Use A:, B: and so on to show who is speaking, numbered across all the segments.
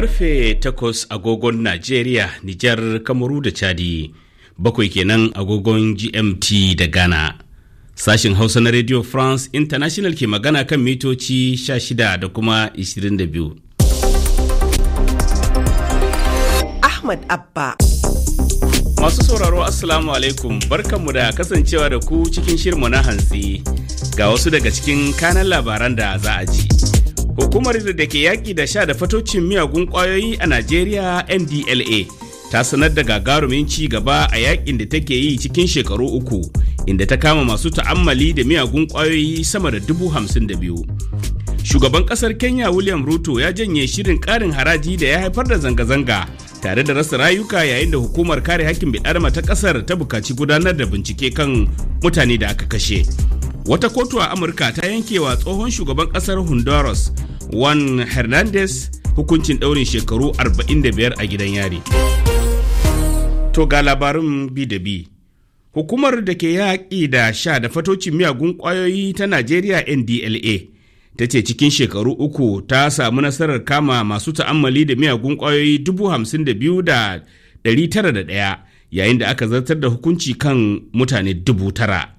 A: karfe Takwas agogon Najeriya, Nijar, Kamaru da Chadi, bakwai kenan agogon GMT da Ghana. Sashin Hausa na Radio France International ke magana kan mitoci shida da kuma 22. Ahmad Abba Masu sauraro Assalamu alaikum barkanmu da kasancewa da ku cikin shirmu na hantsi ga wasu daga cikin kanan labaran da za a ji. Hukumar da ke yaƙi da sha da fatocin miyagun ƙwayoyi a Najeriya NDLA ta sanar da gagarumin ci gaba a yaƙin da take yi cikin shekaru uku inda ta kama masu ta'ammali da miyagun ƙwayoyi sama da dubu hamsin da biyu. Shugaban ƙasar Kenya William Ruto ya janye shirin ƙarin haraji da ya haifar da zanga-zanga tare da rasa rayuka yayin da hukumar kare hakkin bidarma ta ƙasar ta bukaci gudanar da bincike kan mutane da aka kashe. Wata kotu a Amurka ta yankewa tsohon shugaban ƙasar Honduras juan hernandez hukuncin ɗaurin shekaru 45 a gidan yari to ga labarin bi da bi hukumar da ke yaƙi da sha da fatocin miyagun ƙwayoyi ta najeriya ndla ta ce cikin shekaru uku ta samu nasarar kama masu ta'ammali da miyagun ƙwayoyi 52,901 yayin da aka zartar da hukunci kan mutane dubu tara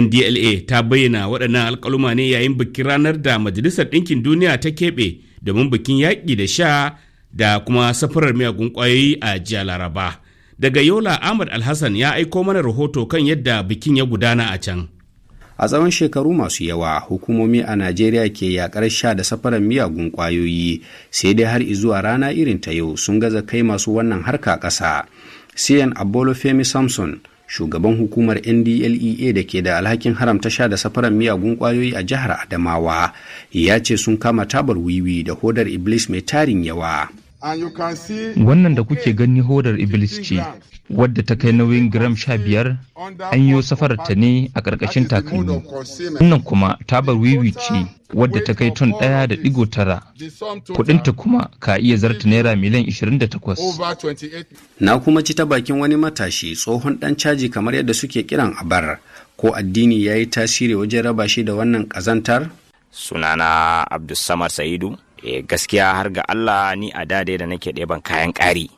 A: ndla ta bayyana waɗannan alƙaluma ne yayin bikin ranar da majalisar ɗinkin duniya ta keɓe domin bikin yaƙi da sha da kuma safarar miyagun ƙwayoyi a jiya laraba daga yola ahmad alhassan ya aiko mana rahoto kan yadda bikin ya gudana a can
B: a tsawon shekaru masu yawa hukumomi a najeriya ke yakar sha da safarar miyagun ƙwayoyi sai dai har zuwa rana irin ta yau sun gaza kai masu wannan harka ƙasa cn abolofemi samson shugaban hukumar ndlea da ke da alhakin haramta sha da safaran miyagun kwayoyi a jihar adamawa ya ce sun kama tabar wiwi da hodar iblis mai tarin yawa
A: Wannan da kuke gani hodar Iblis ce, wadda ta kai nauyin gram sha biyar an yi safararta ne a ƙarƙashin takalmi. Wannan kuma bar wiwi ce wadda
B: ta kai ton ɗaya da ɗigo tara.
C: Kuɗinta kuma
B: ka iya zarta naira miliyan 28. Na kuma ci ta bakin wani matashi tsohon ɗan caji kamar yadda suke kiran abar. Ko addini ya yi tasiri wajen raba shi da wannan ƙazantar? Sunana Abdulsamar Sa'idu. eh gaskiya har ga Allah ni a da da nake ɗeban kayan
A: ƙari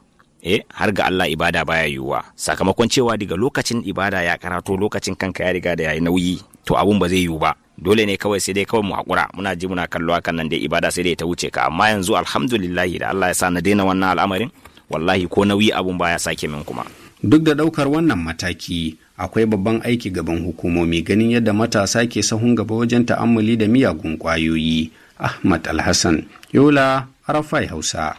A: eh har ga Allah ibada baya yiwuwa sakamakon cewa daga lokacin ibada ya karato lokacin kanka ya riga da yayi nauyi to abun ba zai yiwu ba dole ne kawai sai dai kawai mu hakura muna ji muna kallo hakan nan dai ibada sai dai ta wuce ka amma yanzu alhamdulillahi da Allah ya sa na daina wannan al'amarin
B: wallahi ko nauyi abun baya sake min kuma duk da daukar wannan mataki akwai babban aiki gaban hukumomi ganin yadda matasa ke sahun gaba wajen ta'ammuli da miyagun kwayoyi Ahmad Alhassan, Yola, Arafai Hausa.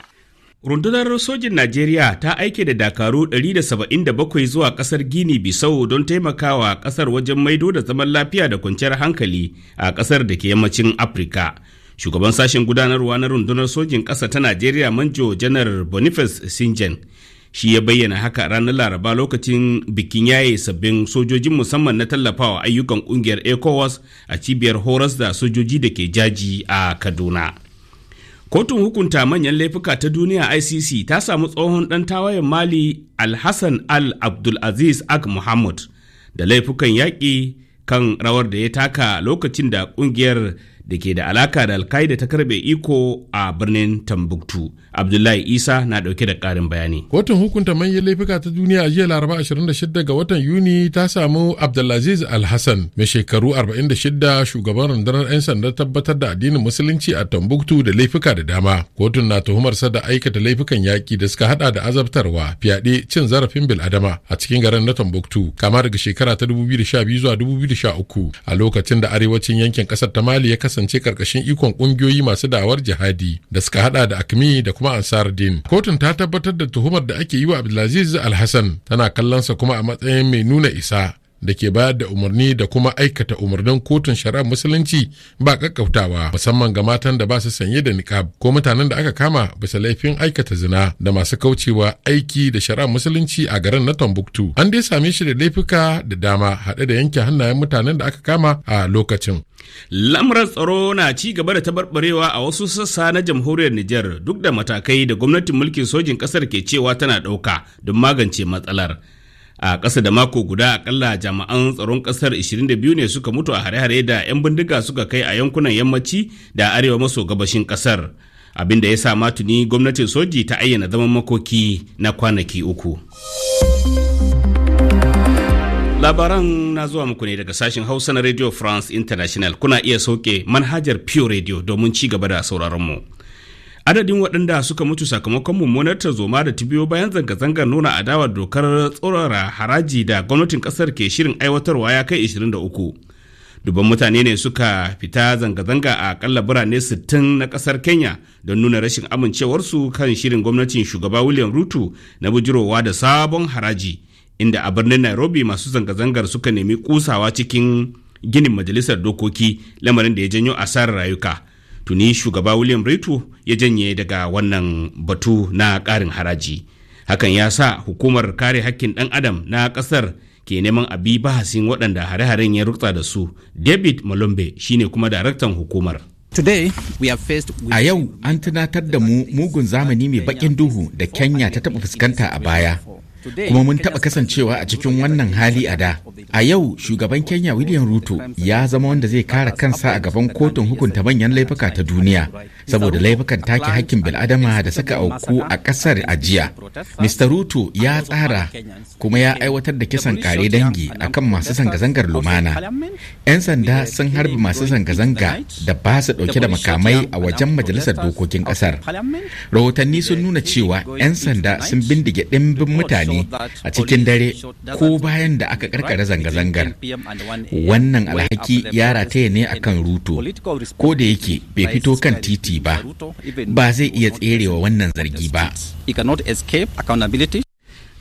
B: Rundunar
A: sojin Najeriya ta aike da dakaru 177 zuwa kasar Gini Bisau don taimakawa kasar wajen maido da zaman lafiya da kwanciyar hankali a kasar da ke yammacin Afirka. Shugaban sashen gudanarwa na rundunar sojin ƙasa ta Najeriya Manjo Janar Boniface Sinjen shi ya bayyana haka ranar laraba lokacin bikin yaye sabbin sojojin musamman na tallafawa ayyukan kungiyar ecowas a cibiyar horas da sojoji da ke jaji a kaduna kotun hukunta manyan laifuka ta duniya icc ta samu tsohon ɗan tawayen mali alhassan al abdulaziz ak muhammad da laifukan yaƙi kan rawar da ya taka lokacin da ƙungiyar da ke da alaka da alkaida ta karbe iko a birnin tambuktu abdullahi isa na dauke da karin bayani kotun hukunta manyan laifuka ta duniya a jiya laraba 26 ga watan yuni ta samu abdulaziz alhassan mai shekaru 46 shugaban rundunar 'yan sanda tabbatar da addinin musulunci a tambuktu da laifuka da dama kotun na tuhumar sa da aikata laifukan yaƙi da suka hada da azabtarwa fyaɗe cin zarafin bil'adama a cikin garin na tambuktu kama daga shekara ta 2012 zuwa 2013 a lokacin da arewacin yankin ƙasar ta mali ya kasance karkashin ikon kungiyoyi masu dawar jihadi da suka hada da akmi da kuma ansar din kotun ta tabbatar da tuhumar da ake yi wa abdulaziz alhassan tana kallonsa kuma a matsayin mai nuna isa da ke bayar da umarni da kuma aikata umarnin kotun shari'ar musulunci ba kakkautawa musamman ga matan da ba su sanye da niqab ko mutanen da aka kama bisa laifin aikata zina da masu kaucewa aiki da shari'ar musulunci a garin na Tombuktu an dai same shi da laifuka da dama haɗe da yanke hannayen mutanen da aka kama a lokacin lamuran tsaro na ci gaba da tabarbarewa a wasu sassa na jamhuriyar Nijar duk da matakai da gwamnatin mulkin sojin ƙasar ke cewa tana ɗauka don magance matsalar a ƙasa da mako guda akalla jami'an tsaron ƙasar 22 ne suka mutu a hare-hare da 'yan bindiga suka kai a yankunan yammaci da arewa maso gabashin ƙasar abinda ya sa matuni gwamnatin soji ta ayyana zaman makoki na kwanaki uku labaran na zuwa muku ne daga sashen hausa na radio france international kuna iya sauke manhajar pure radio domin ci gaba da sauraronmu. mu adadin waɗanda suka mutu sakamakon mummunar tarzoma da ta bayan zanga-zangar nuna adawa dokar tsorara haraji da gwamnatin ƙasar ke shirin aiwatarwa ya kai 23 dubban mutane ne suka fita zanga-zanga a ƙalla birane 60 na ƙasar kenya don nuna rashin amincewarsu kan shirin gwamnatin shugaba william ruto na bujirowa da sabon haraji inda a birnin nairobi masu zanga-zangar suka nemi kusawa cikin ginin majalisar dokoki lamarin da ya janyo asarar rayuka tuni shugaba william rito ya janye daga wannan batu na ƙarin haraji hakan ya sa hukumar kare hakkin ɗan adam na ƙasar ke neman a bi bahasin waɗanda hare-haren ya rutsa da su david malombe shine kuma daraktan hukumar
C: A yau an tunatar da mu mugun zamani mai bakin duhu da Kenya ta taɓa fuskanta a baya. kuma mun taɓa kasancewa a cikin wannan hali a da a yau shugaban kenya william ruto ya zama wanda zai kare kansa a gaban kotun hukunta manyan laifuka ta duniya saboda laifukan take hakkin bil'adama da suka auku a ƙasar a jiya. Mr. Ruto ya tsara kuma ya aiwatar da kisan kare dangi akan masu zanga-zangar lumana. 'Yan sanda sun harbi masu zanga-zanga da ba su dauke da makamai a wajen majalisar dokokin ƙasar. Rahotanni sun nuna cewa 'yan sanda sun bindige ɗimbin mutane a cikin dare ko bayan da aka karkara zanga-zangar. Wannan alhaki ya rataya ne akan Ruto, ko da yake bai fito kan titi ba ba zai iya tserewa wannan zargi ba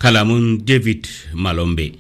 A: kalamun david malombe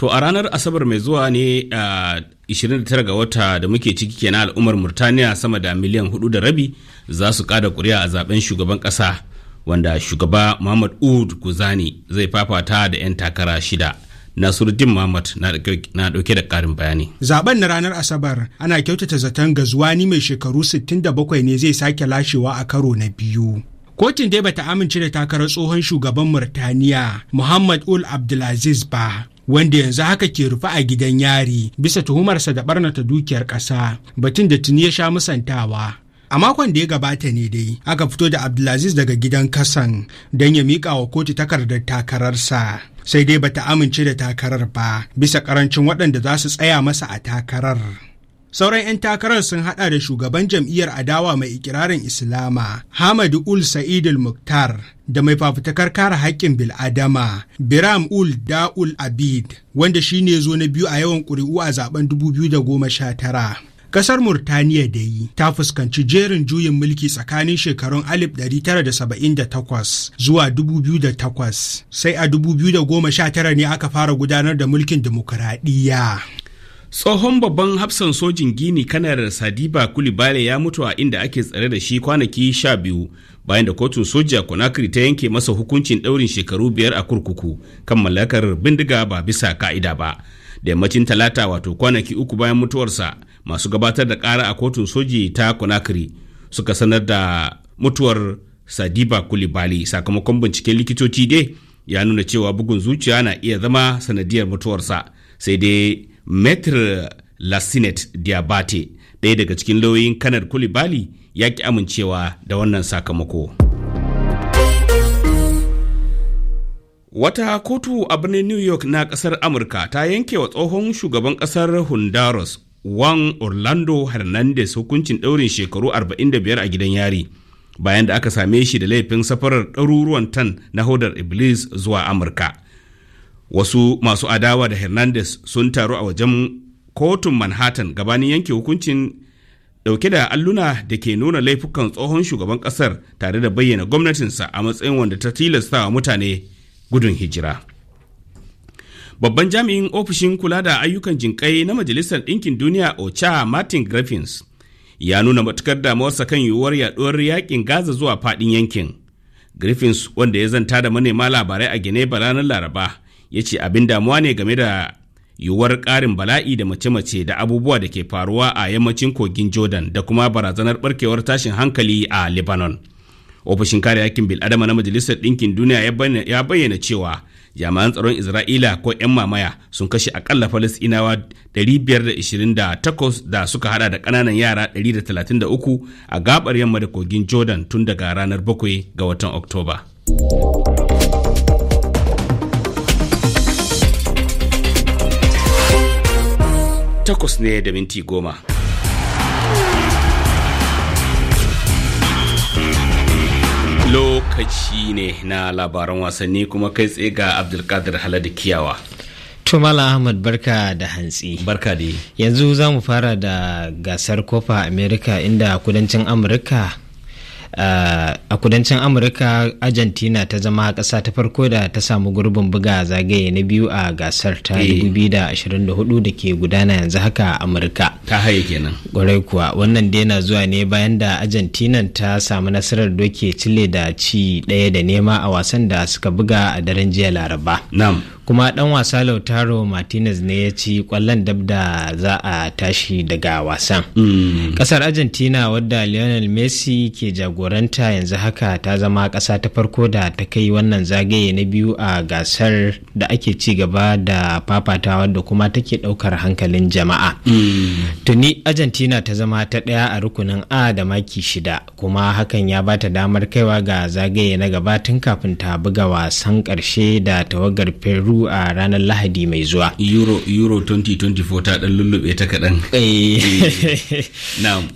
A: to a ranar asabar mai zuwa ne a 29 ga wata da muke ciki kenan al'ummar murtaniya sama da miliyan hudu da rabi za su kada kuri'a a zaben shugaban kasa wanda shugaba muhammad ud guzani zai fafata da 'yan takara shida Nasiruddin Muhammad na dauke da karin bayani.
D: Zaben na ranar Asabar ana kyautata zaton ga zuwani mai shekaru 67 ne zai sake lashewa a karo na biyu. Kotun dai bata amince da takarar tsohon shugaban Murtaniya Muhammad Ul Abdulaziz ba. Wanda yanzu haka ke rufe a gidan yari bisa tuhumarsa da barnata dukiyar ƙasa batun da tuni ya sha musantawa a makon da ya gabata ne dai aka fito da abdulaziz daga gidan kasan don ya miƙa wa kotu takardar takararsa sai dai bata amince da takarar ba bisa karancin waɗanda za su tsaya masa a takarar sauran 'yan takarar sun hada da shugaban jam'iyyar adawa mai ikirarin islama hamadu ul sa'id muktar da mai fafutakar kare haƙƙin bil'adama biram ul da'ul abid wanda ne zo na biyu a yawan ƙuri'u a zaben 2019 Kasar Murtaniya da yi ta fuskanci jerin juyin mulki tsakanin shekarun 1978 zuwa 2008 sai a 2019 ne aka fara gudanar da mulkin dimokuraɗiyya.
A: tsohon babban hafsan sojin gini kanar sadiba kulibale ya mutu a inda ake tsare da shi kwanaki sha bayan da kotun soja konakri ta yanke masa hukuncin daurin shekaru biyar a kurkuku kan mallakar bindiga ba bisa ka'ida ba da yammacin talata wato kwanaki uku bayan mutuwarsa masu gabatar da ƙara a kotun soji ta konakiri suka sanar da mutuwar sadiba kulibali sakamakon binciken likitoci dai ya nuna cewa bugun zuciya na iya zama sanadiyar mutuwarsa sai dai metr lasinet diabate ɗaya daga cikin lauyoyin kanar kulibali ya ki amincewa da wannan sakamako. Wata kotu a birnin New York na ƙasar Amurka ta yanke wa tsohon shugaban ƙasar Honduras Juan Orlando Hernandez hukuncin ɗaurin shekaru 45 a gidan yari bayan da aka same shi da laifin safarar ɗaruruwan tan na hodar Iblis zuwa Amurka. Wasu masu adawa da Hernandez sun taru a wajen kotun Manhattan gabanin yanke hukuncin dauke da alluna da ke nuna laifukan tsohon shugaban kasar tare da bayyana gwamnatinsa a matsayin wanda ta tilastawa mutane gudun hijira babban jami'in ofishin kula da ayyukan jinƙai na majalisar ɗinkin duniya ocha martin griffins ya nuna matukar damuwarsa kan yiwuwar yaɗuwar yakin gaza zuwa faɗin yankin griffins wanda ya zanta da manema labarai a geneva ranar laraba ya ce abin damuwa ne game da yiwuwar ƙarin bala'i da mace-mace da abubuwa da ke faruwa a yammacin kogin jordan da kuma barazanar barkewar tashin hankali a lebanon ofishin kare hakkin bil'adama na majalisar ɗinkin duniya ya bayyana cewa jami'an tsaron isra'ila ko 'yan mamaya sun kashe akalla falasinawa 528 da suka hada da ƙananan yara 133 a gabar yamma da kogin jordan tun daga ranar bakwai ga watan oktoba takwas ne da minti goma lokaci ne na labaran wasanni kuma kai tsaye ga abdulkadir haladi kiyawa
E: to ahmad barka da hantsi barka da yanzu za mu fara da gasar kofa amerika inda kudancin amurka Eh, a kudancin amurka argentina ta zama ƙasa ta farko da ta samu gurbin buga zagaye na biyu a gasar ta 2024 eh. da ke gudana yanzu haka a amurka
A: ta haye kenan
E: gwarai kuwa wannan dai na zuwa ne bayan da argentina ta samu nasarar doke cile da ci ɗaya da nema a wasan da suka buga a daren jiya laraba kuma dan wasa lautaro martinez ne ya ci kwallon dab da za a tashi daga wasan mm. kasar argentina wadda lionel messi ke jagoranta yanzu haka ta zama kasa ta farko da ta kai wannan zagaye na biyu a gasar da ake ci gaba da fafatawa wadda kuma take daukar hankalin jama'a mm. tuni argentina ta zama ta daya a rukunin a da maki shida kuma hakan ya bata damar kaiwa ga zagaye na gaba tun kafin ta buga wasan karshe da tawagar peru euro a ranar lahadi mai zuwa
A: euro euro 2024 ta ɗan lullube ta kaɗan eh.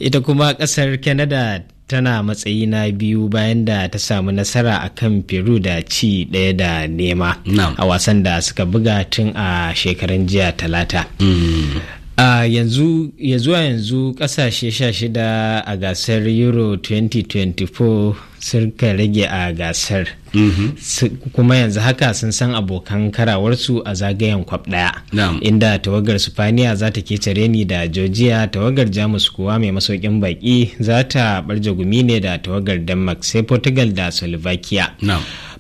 E: ita kuma ƙasar canada tana matsayi na biyu bayan da ta samu nasara a kan peru da ci ɗaya da nema a wasan da suka buga tun a shekaran jiya talata Uh, yanzu ƙasashe yanzu kasashe sha shida a gasar euro 2024 sirka rage a gasar mhm. kuma yanzu haka sun san abokan karawarsu a zagayen kwab daya inda tawagar spaniya za ta kece reni da georgia tawagar jamus kuwa mai masaukin baki za ta barje gumi ne da tawagar denmark sai portugal da slovakia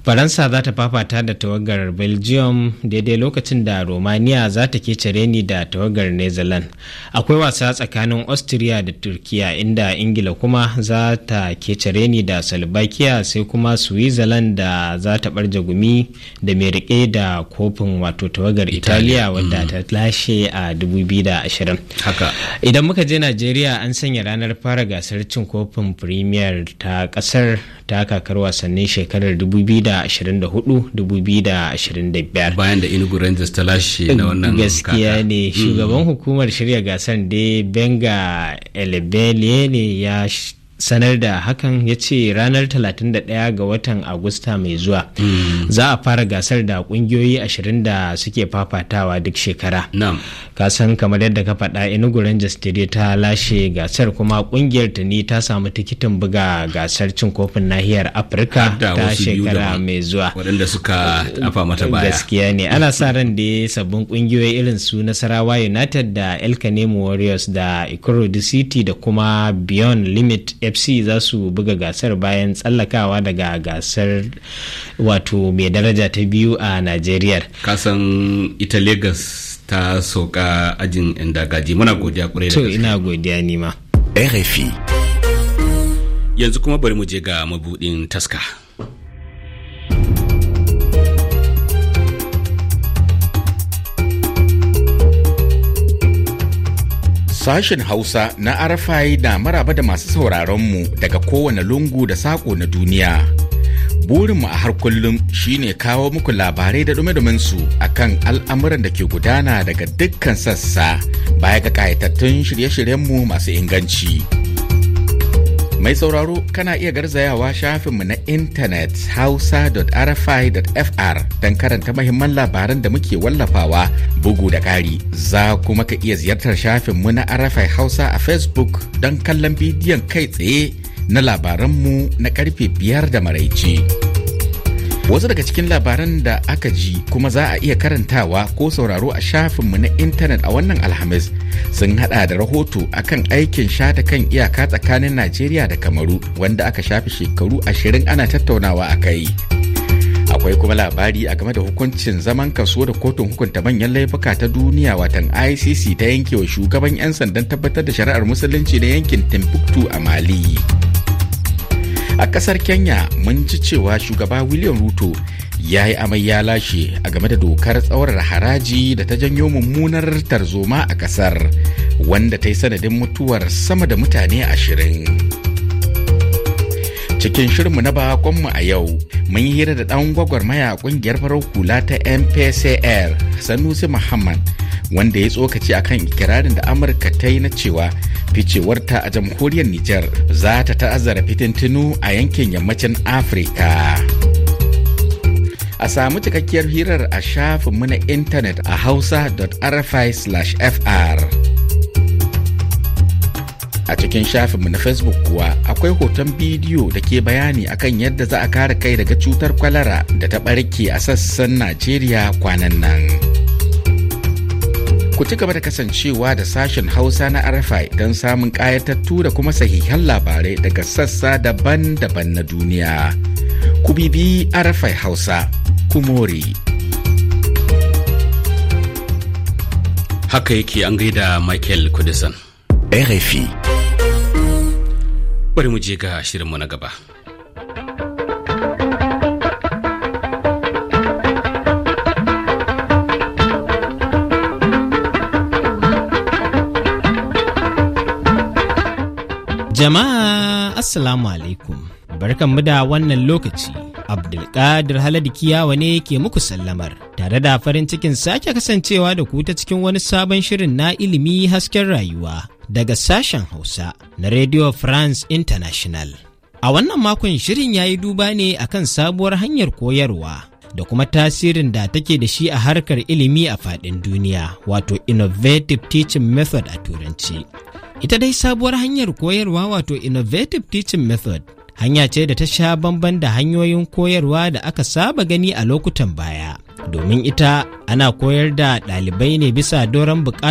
E: faransa za ta fafata da tawagar belgium daidai lokacin da romania za ta ke care ni da tawagar netherlands akwai wasa tsakanin austria da turkiya inda ingila kuma za ta care ni da slovakia sai kuma switzerland da za ta barja gumi da mai rike da kofin wato tawagar italiya mm. wadda ta lashe a 2020 idan muka je najeriya an sanya ranar fara gasar cin kofin premier ta kasar ta kakar wasannin shekarar 2024-2025 bayan da inugu rangers ta lashe na mm, wannan gaskiya ne hmm. shugaban hukumar shirya gasar da benga elebele ne ya sanar da hakan ya ce ranar 31 ga watan agusta mai zuwa hmm. za a fara gasar da kungiyoyi 20 da suke fafatawa duk shekara kasan kamar yadda ka faɗa enugu rangers tire ta lashe gasar kuma kungiyar ta ni ta samu tikitin buga gasar cin kofin nahiyar afirka ta shekara mai zuwa waɗanda suka afa mata baya gaskiya ne ana sa ran da sabbin kungiyoyi irin su nasarawa united da el warriors da ikorodu city da kuma beyond limit fc za su buga gasar bayan tsallakawa daga gasar wato mai daraja ta biyu a najeriya
A: kasan ita lagos ta soka ajin yan dagaji muna godiya kure da ina
E: godiya nima rfi
A: yanzu kuma bari mu je ga mabudin taska
C: Sashen Hausa na Arafai na maraba da masu sauraronmu daga kowane lungu da saƙo na duniya. Burinmu a har kullum shine kawo muku labarai da dume su akan al'amuran da ke gudana daga dukkan sassa baya ga ƙayatattun shirye-shiryenmu masu inganci. Mai sauraro kana iya garzayawa shafinmu na intanet hausa.rfi.fr don karanta mahimman labaran da muke wallafawa bugu da ƙari. Za kuma ka iya ziyartar shafinmu na RFI Hausa a Facebook don kallon bidiyon kai tsaye na labaranmu na karfe biyar da maraice. Wasu daga cikin labaran da aka ji kuma za a iya karantawa ko sauraro a shafinmu na intanet a wannan Alhamis sun hada da rahoto akan aikin shata kan iyaka tsakanin Najeriya da Kamaru wanda aka shafi shekaru ashirin ana tattaunawa a kai. Akwai kuma labari a game da hukuncin zaman kaso da kotun hukunta manyan laifuka ta duniya watan ICC ta yankewa shugaban 'yan sandan tabbatar da shari'ar musulunci na yankin Timbuktu a Mali. a kasar kenya mun ci cewa shugaba william ruto ya yi amai ya lashe a game da dokar tsawon haraji da ta janyo mummunar tarzoma a kasar wanda ta yi sanadin mutuwar sama da mutane ashirin. Cikin shirinmu na bakonmu a yau, mun yi hira da ɗan gwagwarmaya ƙungiyar farar hula ta MPCR Sanusi Muhammad, wanda ya tsokaci akan ikirarin da Amurka ta yi na cewa ficewarta a jamhuriyar Nijar za ta ta'azzara fitintinu a yankin yammacin Afirka. A samu cikakkiyar hirar a shafinmu na intanet a hausa.rfi/fr. a cikin shafinmu na facebook kuwa akwai hoton bidiyo da ke bayani akan yadda za a kare kai daga cutar kwalara da ta ɓarke a sassan najeriya kwanan nan ku ci gaba da kasancewa da sashen hausa na rfi don samun ƙayatattu da kuma sahihan labarai daga sassa daban-daban na duniya ku bibi rfi hausa kumori haka
A: yake an gaida michael kudisan rfi bari mu je ga mu na gaba.
E: Jama'a Assalamu alaikum, barkanmu da wannan lokaci. Abdulkadir Haladu Kiyawa ne ke muku sallamar, tare da farin cikin sake kasancewa da ku ta cikin wani sabon shirin na ilimi hasken rayuwa daga sashen Hausa na Radio France International. A wannan makon shirin ya yi duba ne akan sabuwar hanyar koyarwa da kuma tasirin da take da shi a harkar ilimi a faɗin duniya, wato Innovative Teaching Method a Turanci. Ita dai sabuwar hanyar koyarwa wato Innovative Teaching Method hanya ce da ta sha bamban da hanyoyin koyarwa da aka saba gani a lokutan baya domin ita ana koyar da ɗalibai ne bisa doron buƙatar